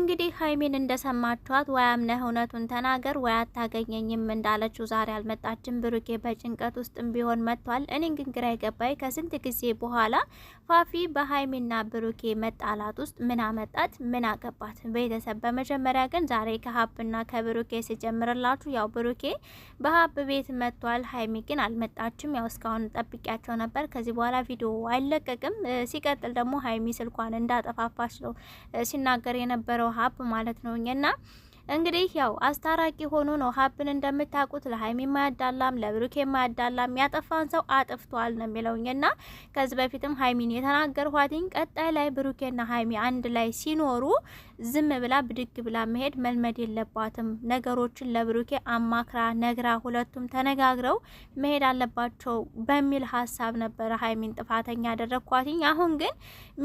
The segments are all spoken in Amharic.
እንግዲህ ሀይሜን እንደሰማችኋት ወይ አምነህ እውነቱን ተናገር ወይ አታገኘኝም እንዳለችው ዛሬ አልመጣችም። ብሩኬ በጭንቀት ውስጥም ቢሆን መጥቷል። እኔን ግን ግራ የገባኝ ከስንት ጊዜ በኋላ ፋፊ በሀይሜና ብሩኬ መጣላት ውስጥ ምን አመጣት ምን አገባት? ቤተሰብ በመጀመሪያ ግን ዛሬ ከሀብና ከብሩኬ ስጀምርላችሁ ያው ብሩኬ በሀብ ቤት መጥቷል። ሀይሚ ግን አልመጣችም። ያው እስካሁን ጠብቂያቸው ነበር። ከዚህ በኋላ ቪዲዮ አይለቀቅም። ሲቀጥል ደግሞ ሀይሚ ስልኳን እንዳጠፋፋች ነው ሲናገር የነበረው ሀብ ማለት ነው እና እንግዲህ ያው አስታራቂ ሆኖ ነው ሀብን እንደምታውቁት ለሀይሚ የማያዳላም ለብሩኬ የማያዳላም ያጠፋን ሰው አጥፍቷል ነው የሚለውኝ። ከዚህ በፊትም ሀይሚን የተናገርኋትኝ ቀጣይ ላይ ብሩኬና ሀይሚ አንድ ላይ ሲኖሩ ዝም ብላ ብድግ ብላ መሄድ መልመድ የለባትም። ነገሮችን ለብሩኬ አማክራ ነግራ፣ ሁለቱም ተነጋግረው መሄድ አለባቸው በሚል ሀሳብ ነበረ ሀይሚን ጥፋተኛ ያደረግኳትኝ። አሁን ግን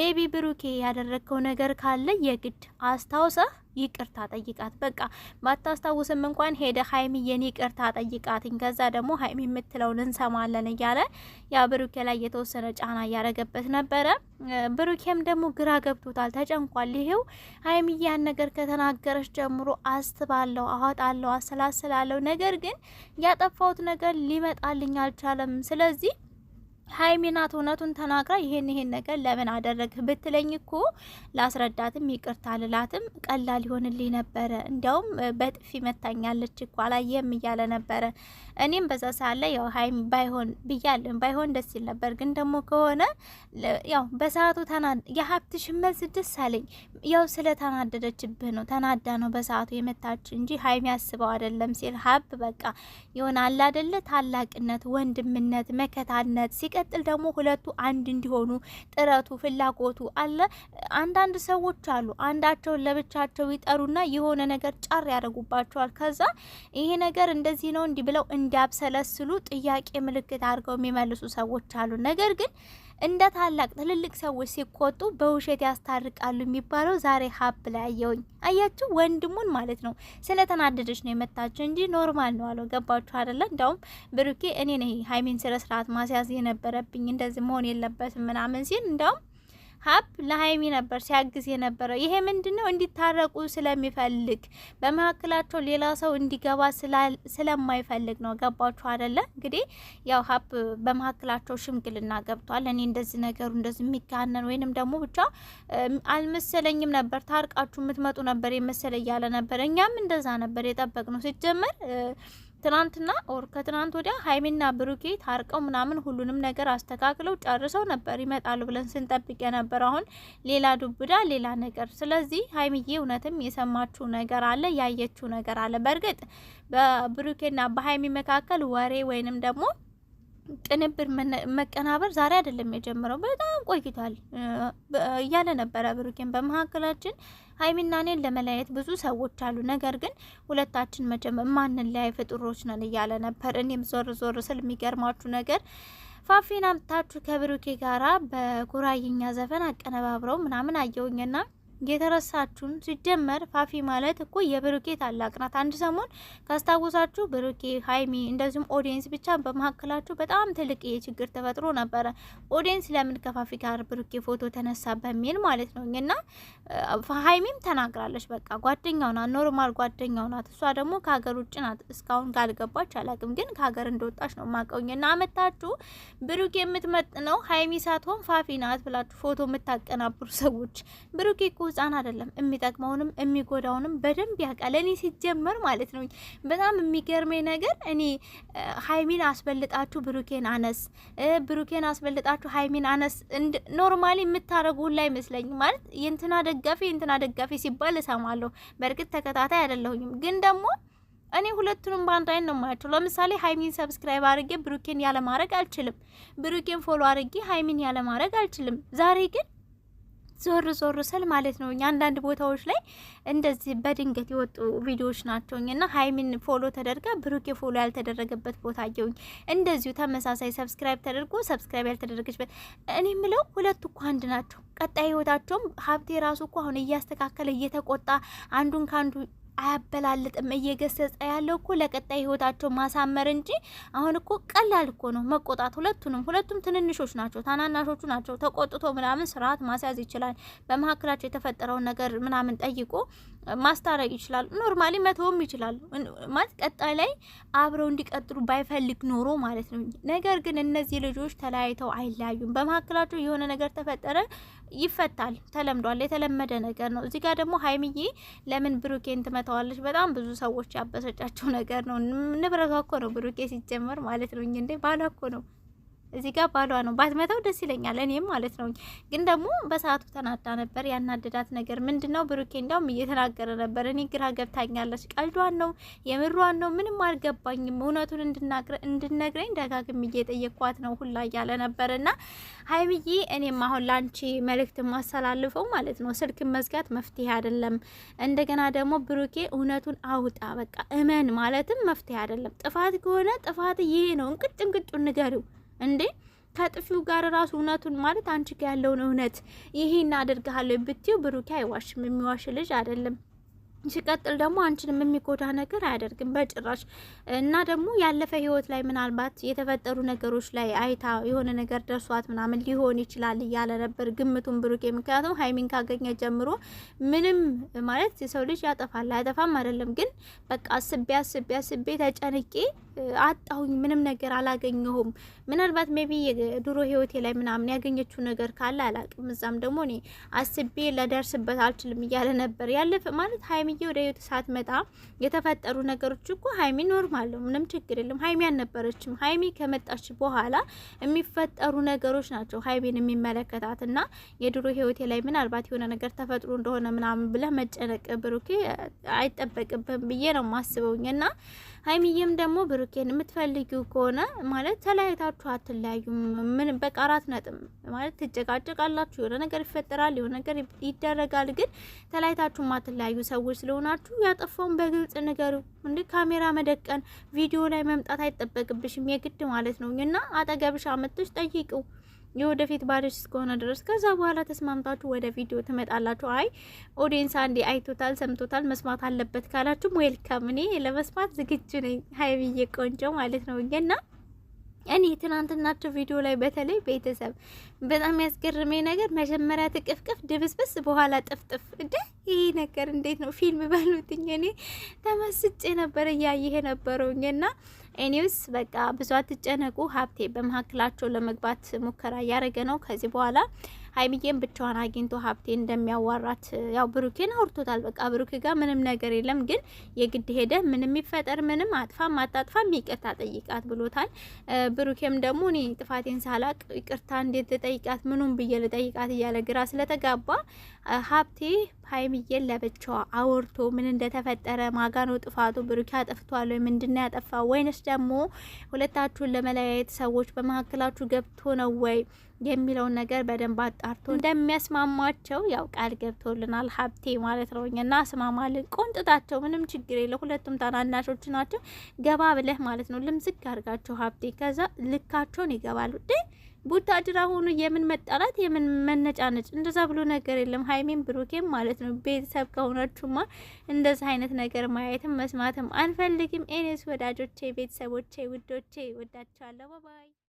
ሜቢ ብሩኬ ያደረግከው ነገር ካለ የግድ አስታውሰህ ይቅርታ ጠይቃት። በቃ ባታስታውስም እንኳን ሄደ ሀይሚዬን ይቅርታ ጠይቃትኝ፣ ከዛ ደግሞ ሀይሚ የምትለውን እንሰማለን እያለ ያ ብሩኬ ላይ የተወሰነ ጫና እያደረገበት ነበረ። ብሩኬም ደግሞ ግራ ገብቶታል፣ ተጨንቋል። ይሄው ሀይሚዬ ያን ነገር ከተናገረች ጀምሮ አስባለሁ፣ አወጣለሁ፣ አሰላስላለሁ፣ ነገር ግን ያጠፋሁት ነገር ሊመጣልኝ አልቻለም። ስለዚህ ሀይሚናት እውነቱን ተናግራ ይሄን ይሄን ነገር ለምን አደረግህ ብትለኝ እኮ ላስረዳትም ይቅርታ ልላትም ቀላል ይሆንልኝ ነበረ። እንዲያውም በጥፊ መታኛለች እኮ አላየም እያለ ነበረ። እኔም በዛ ሰዓት ላይ ያው ሀይሚ ባይሆን ብያለን ባይሆን ደስ ይል ነበር። ግን ደግሞ ከሆነ ያው በሰዓቱ ተና የሀብትሽ መዝድስ አለኝ ያው ስለ ተናደደችብህ ነው ተናዳ ነው በሰዓቱ የመታች እንጂ ሀይሚ ያስበው አይደለም ሲል ሀብ በቃ ይሆናል አይደለ ታላቅነት፣ ወንድምነት፣ መከታነት ሲቀጥል ደግሞ ሁለቱ አንድ እንዲሆኑ ጥረቱ ፍላጎቱ አለ። አንዳንድ ሰዎች አሉ አንዳቸውን ለብቻቸው ይጠሩና የሆነ ነገር ጫር ያደርጉባቸዋል። ከዛ ይሄ ነገር እንደዚህ ነው እንዲህ ብለው እንዲያብሰለስሉ ጥያቄ ምልክት አድርገው የሚመልሱ ሰዎች አሉ። ነገር ግን እንደ ታላቅ ትልልቅ ሰዎች ሲቆጡ በውሸት ያስታርቃሉ የሚባለው ዛሬ ሀብ ላይ አየውኝ። አያችሁ ወንድሙን ማለት ነው። ስለተናደደች ነው የመታቸው እንጂ ኖርማል ነው አለው። ገባችሁ አደለ? እንዲያውም ብሩኬ እኔ ነ ሀይሚን ስነ ስርዓት ማስያዝ የነበረብኝ እንደዚህ መሆን የለበትም ምናምን ሲል እንዲያውም ሀብ ለሀይሚ ነበር ሲያግዝ የነበረው። ይሄ ምንድነው? እንዲታረቁ ስለሚፈልግ በመካከላቸው ሌላ ሰው እንዲገባ ስለማይፈልግ ነው። ገባችሁ አደለ? እንግዲህ ያው ሀብ በመካከላቸው ሽምግልና ገብቷል። እኔ እንደዚህ ነገሩ እንደዚህ የሚካነን ወይንም ደግሞ ብቻ አልመሰለኝም ነበር ታርቃችሁ የምትመጡ ነበር የመሰለ እያለ ነበር። እኛም እንደዛ ነበር የጠበቅ ነው ሲጀመር ትናንትና ኦር ከትናንት ወዲያ ሀይሚና ብሩኬ ታርቀው ምናምን ሁሉንም ነገር አስተካክለው ጨርሰው ነበር ይመጣሉ ብለን ስንጠብቅ የነበር አሁን ሌላ ዱብዳ ሌላ ነገር። ስለዚህ ሀይሚዬ እውነትም የሰማችው ነገር አለ፣ ያየችው ነገር አለ። በእርግጥ በብሩኬና በሀይሚ መካከል ወሬ ወይንም ደግሞ ቅንብር መቀናበር ዛሬ አይደለም የጀመረው፣ በጣም ቆይቷል እያለ ነበረ ብሩኬን። በመካከላችን ሀይሚና እኔን ለመለያየት ብዙ ሰዎች አሉ፣ ነገር ግን ሁለታችን መቼም የማንለያይ ፍጡሮች ነን እያለ ነበር። እኔም ዞር ዞር ስል የሚገርማችሁ ነገር ፋፊን አምጥታችሁ ከብሩኬ ጋራ በጉራይኛ ዘፈን አቀነባብረው ምናምን አየውኝና የተረሳችሁን ሲጀመር ፋፊ ማለት እኮ የብሩኬ ታላቅ ናት። አንድ ሰሞን ካስታወሳችሁ ብሩኬ፣ ሀይሚ እንደዚሁም ኦዲየንስ ብቻ በመካከላችሁ በጣም ትልቅ የችግር ተፈጥሮ ነበረ። ኦዲየንስ ለምን ከፋፊ ጋር ብሩኬ ፎቶ ተነሳ በሚል ማለት ነው እና ሀይሚም ተናግራለች። በቃ ጓደኛው ናት፣ ኖርማል ጓደኛው ናት። እሷ ደግሞ ከሀገር ውጭ ናት። እስካሁን ካልገባች አላቅም፣ ግን ከሀገር እንደወጣች ነው ማቀውኝ እና አመታችሁ ብሩኬ የምትመጥ ነው ሀይሚ ሳትሆን ፋፊ ናት ብላችሁ ፎቶ የምታቀናብሩ ሰዎች ብሩኬ እኮ ህፃን አይደለም። የሚጠቅመውንም የሚጎዳውንም በደንብ ያውቃል። እኔ ሲጀመር ማለት ነው በጣም የሚገርመኝ ነገር እኔ ሀይሚን አስበልጣችሁ ብሩኬን አነስ፣ ብሩኬን አስበልጣችሁ ሀይሚን አነስ ኖርማሊ የምታደረጉ ሁላ አይመስለኝ ማለት የእንትና ደጋፊ የእንትና ደጋፊ ሲባል እሰማለሁ። በእርግጥ ተከታታይ አይደለሁኝም ግን ደግሞ እኔ ሁለቱንም በአንድ አይን ነው የማያቸው። ለምሳሌ ሀይሚን ሰብስክራይብ አድርጌ ብሩኬን ያለማድረግ አልችልም። ብሩኬን ፎሎ አድርጌ ሀይሚን ያለማድረግ አልችልም። ዛሬ ግን ዞር ዞር ስል ማለት ነው አንዳንድ ቦታዎች ላይ እንደዚህ በድንገት የወጡ ቪዲዮዎች ናቸውኝ እና ሀይሚን ፎሎ ተደርገ ብሩኬ ፎሎ ያልተደረገበት ቦታ አየውኝ። እንደዚሁ ተመሳሳይ ሰብስክራይብ ተደርጎ ሰብስክራይብ ያልተደረገችበት። እኔ ምለው ሁለቱ እኮ አንድ ናቸው። ቀጣይ ህይወታቸውም ሀብቴ ራሱ እኮ አሁን እያስተካከለ እየተቆጣ አንዱን ከአንዱ አያበላልጥም። እየገሰጸ ያለው እኮ ለቀጣይ ህይወታቸው ማሳመር እንጂ አሁን እኮ ቀላል እኮ ነው መቆጣት። ሁለቱንም ሁለቱም ትንንሾች ናቸው፣ ታናናሾቹ ናቸው። ተቆጥቶ ምናምን ስርዓት ማስያዝ ይችላል። በመካከላቸው የተፈጠረውን ነገር ምናምን ጠይቆ ማስታረቅ ይችላሉ። ኖርማሊ መተውም ይችላሉ። ማለት ቀጣይ ላይ አብረው እንዲቀጥሉ ባይፈልግ ኖሮ ማለት ነው። ነገር ግን እነዚህ ልጆች ተለያይተው አይለያዩም። በመካከላቸው የሆነ ነገር ተፈጠረ፣ ይፈታል። ተለምዷል፣ የተለመደ ነገር ነው። እዚህ ጋር ደግሞ ሀይምዬ ለምን ብሩኬን ትመታዋለች? በጣም ብዙ ሰዎች ያበሰጫቸው ነገር ነው። ንብረቷ እኮ ነው ብሩኬ ሲጀመር ማለት ነው። እንዴ ባሏ እኮ ነው እዚህ ጋር ባሏ ነው ባትመታው ደስ ይለኛል፣ እኔም ማለት ነው። ግን ደግሞ በሰዓቱ ተናዳ ነበር። ያናደዳት ነገር ምንድን ነው? ብሩኬ እንዲያውም እየተናገረ ነበር። እኔ ግራ ገብታኛለች። ቀልዷን ነው የምሯን ነው ምንም አልገባኝም። እውነቱን እንድነግረኝ ደጋግም እየጠየኳት ነው ሁላ እያለ ነበር። እና ሀይሚዬ፣ እኔም አሁን ለአንቺ መልእክት ማስተላልፈው ማለት ነው ስልክን መዝጋት መፍትሄ አይደለም። እንደገና ደግሞ ብሩኬ እውነቱን አውጣ፣ በቃ እመን ማለትም መፍትሄ አይደለም። ጥፋት ከሆነ ጥፋት ይሄ ነው፣ እንቅጭ እንቅጩ ንገሪው እንዴ ከጥፊው ጋር ራሱ እውነቱን ማለት አንቺ ጋር ያለውን እውነት ይሄን አደርግሃለሁ ብትዩ ብሩኬ አይዋሽም። የሚዋሽ ልጅ አይደለም። ሲቀጥል ደግሞ አንቺንም የሚጎዳ ነገር አያደርግም በጭራሽ። እና ደግሞ ያለፈ ህይወት ላይ ምናልባት የተፈጠሩ ነገሮች ላይ አይታ የሆነ ነገር ደርሷት ምናምን ሊሆን ይችላል እያለ ነበር ግምቱን ብሩኬ። ምክንያቱም ሀይሚን ካገኘ ጀምሮ ምንም ማለት የሰው ልጅ ያጠፋል አያጠፋም አይደለም፣ ግን በቃ አስቤ አስቤ አስቤ ተጨንቄ አጣሁኝ፣ ምንም ነገር አላገኘሁም። ምናልባት ሜቢ የድሮ ህይወቴ ላይ ምናምን ያገኘችው ነገር ካለ አላቅም። እዛም ደግሞ እኔ አስቤ ለደርስበት አልችልም እያለ ነበር። ያለፈ ማለት ሀይሚዬ ወደ ህይወት መጣ የተፈጠሩ ነገሮች እኮ ሀይሚ ኖርማል ነው፣ ምንም ችግር የለም። ሀይሚ አልነበረችም። ሀይሚ ከመጣች በኋላ የሚፈጠሩ ነገሮች ናቸው ሀይሚን የሚመለከታት እና የድሮ ህይወቴ ላይ ምናልባት የሆነ ነገር ተፈጥሮ እንደሆነ ምናምን ብለህ መጨነቅ ብሩኬ አይጠበቅብህም ብዬ ነው ማስበውኝ እና ሀይሚዬም ደግሞ ብሩኬን የምትፈልጊው ከሆነ ማለት ተለያይታችሁ አትለያዩም። ምን በቃራት አራት ነጥብ ማለት ትጨቃጨቃላችሁ፣ የሆነ ነገር ይፈጠራል፣ የሆነ ነገር ይደረጋል። ግን ተለያይታችሁ ማትለያዩ ሰዎች ስለሆናችሁ ያጠፋውን በግልጽ ንገሩ። እንዲ ካሜራ መደቀን ቪዲዮ ላይ መምጣት አይጠበቅብሽም የግድ ማለት ነው እና አጠገብሽ አመጥተሽ ጠይቂው። የወደፊት ባልሽ እስከሆነ ድረስ ከዛ በኋላ ተስማምታችሁ ወደ ቪዲዮ ትመጣላችሁ። አይ ኦዲየንስ አንዴ አይቶታል፣ ሰምቶታል፣ መስማት አለበት ካላችሁም ዌልካም። እኔ ለመስማት ዝግጁ ነኝ። ሀይሚዬ ቆንጆ ማለት ነው እና እኔ ትናንትናቸው ቪዲዮ ላይ በተለይ ቤተሰብ በጣም ያስገርመኝ ነገር መጀመሪያ ትቅፍቅፍ ድብስብስ፣ በኋላ ጥፍጥፍ። እንደ ይህ ነገር እንዴት ነው ፊልም ባሉትኝ እኔ ተመስጬ ነበር እያየህ ነበረውኝ። እና ኤኒውስ በቃ ብዙ አትጨነቁ። ሀብቴ በመካከላቸው ለመግባት ሙከራ እያደረገ ነው ከዚህ በኋላ ሀይሚዬን ብቻዋን አግኝቶ ሀብቴ እንደሚያዋራት ያው ብሩኬን አውርቶታል። በቃ ብሩኬ ጋር ምንም ነገር የለም፣ ግን የግድ ሄደ ምንም የሚፈጠር ምንም አጥፋም አታጥፋም ይቅርታ ጠይቃት ብሎታል። ብሩኬም ደግሞ እኔ ጥፋቴን ሳላቅ ይቅርታ እንዴት ልጠይቃት ምኑም ብዬ ልጠይቃት እያለ ግራ ስለተጋባ ሀብቴ ሀይሚዬን ለብቻዋ አውርቶ ምን እንደተፈጠረ ማጋኖ ጥፋቱ ብሩኪ አጥፍቷል ወይ ምንድነው ያጠፋው ወይንስ ደግሞ ሁለታችሁን ለመለያየት ሰዎች በመካከላችሁ ገብቶ ነው ወይ የሚለውን ነገር በደንብ አጣርቶ እንደሚያስማማቸው ያው ቃል ገብቶልናል ሀብቴ ማለት ነው። እና አስማማልን ቆንጥታቸው ምንም ችግር የለ። ሁለቱም ታናናሾች ናቸው። ገባ ብለህ ማለት ነው ልምዝግ አድርጋቸው ሀብቴ። ከዛ ልካቸውን ይገባሉ። ቡታጅራ ሆኖ የምን መጣላት የምን መነጫነጭ፣ እንደዛ ብሎ ነገር የለም። ሀይሜን ብሩኬም ማለት ነው ቤተሰብ ከሆናችሁማ እንደዚህ አይነት ነገር ማየትም መስማትም አንፈልግም። ኤኔስ ወዳጆቼ፣ ቤተሰቦቼ፣ ውዶቼ ወዳችኋለሁ። ባባይ